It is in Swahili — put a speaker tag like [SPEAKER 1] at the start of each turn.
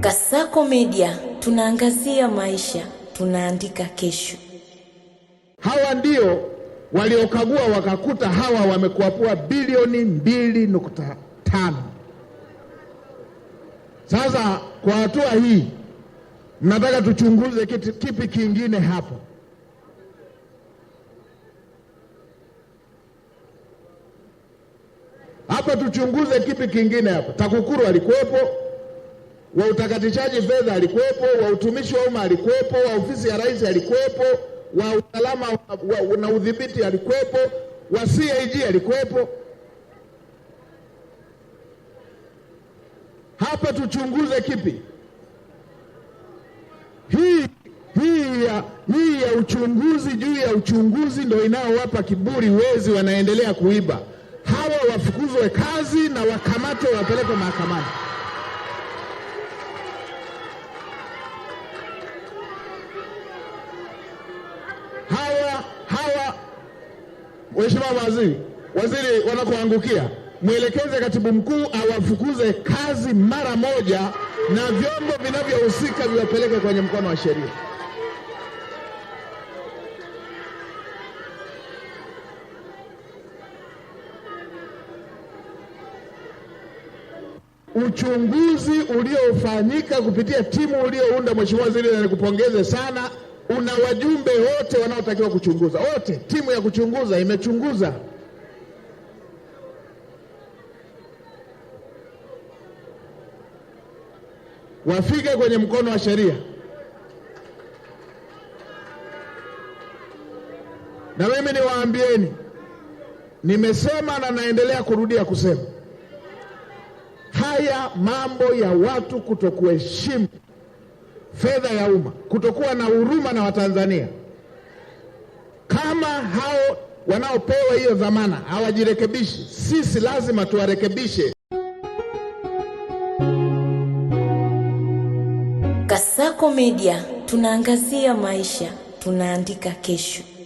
[SPEAKER 1] Kasako Media tunaangazia maisha, tunaandika kesho.
[SPEAKER 2] Hawa ndio waliokagua wakakuta hawa wamekuapua bilioni mbili nukta tano. Sasa kwa hatua hii nataka tuchunguze kitu, kipi kingine hapo? Hapa tuchunguze kipi kingine hapo? TAKUKURU alikuwepo wa utakatishaji fedha alikuwepo, wa utumishi wa umma alikuwepo, wa ofisi ya rais alikuwepo, wa usalama na udhibiti alikuwepo, wa CAG alikuwepo. Hapa tuchunguze kipi? Hii hii ya, hii ya uchunguzi juu ya uchunguzi ndio inayowapa kiburi wezi, wanaendelea kuiba. Hawa wafukuzwe kazi na wakamatwe, wapelekwe mahakamani. Mheshimiwa Waziri, waziri wanakoangukia, mwelekeze katibu mkuu awafukuze kazi mara moja na vyombo vinavyohusika viwapeleke kwenye mkono wa sheria. Uchunguzi uliofanyika kupitia timu uliounda, Mheshimiwa Waziri, na nikupongeze sana una wajumbe wote wanaotakiwa kuchunguza, wote. Timu ya kuchunguza imechunguza. Wafike kwenye mkono wa sheria. Na mimi niwaambieni, nimesema na naendelea kurudia kusema haya mambo ya watu kutokuheshimu fedha ya umma, kutokuwa na huruma na Watanzania. Kama hao wanaopewa hiyo dhamana hawajirekebishi, sisi lazima tuwarekebishe.
[SPEAKER 1] Kasako Media tunaangazia maisha, tunaandika kesho.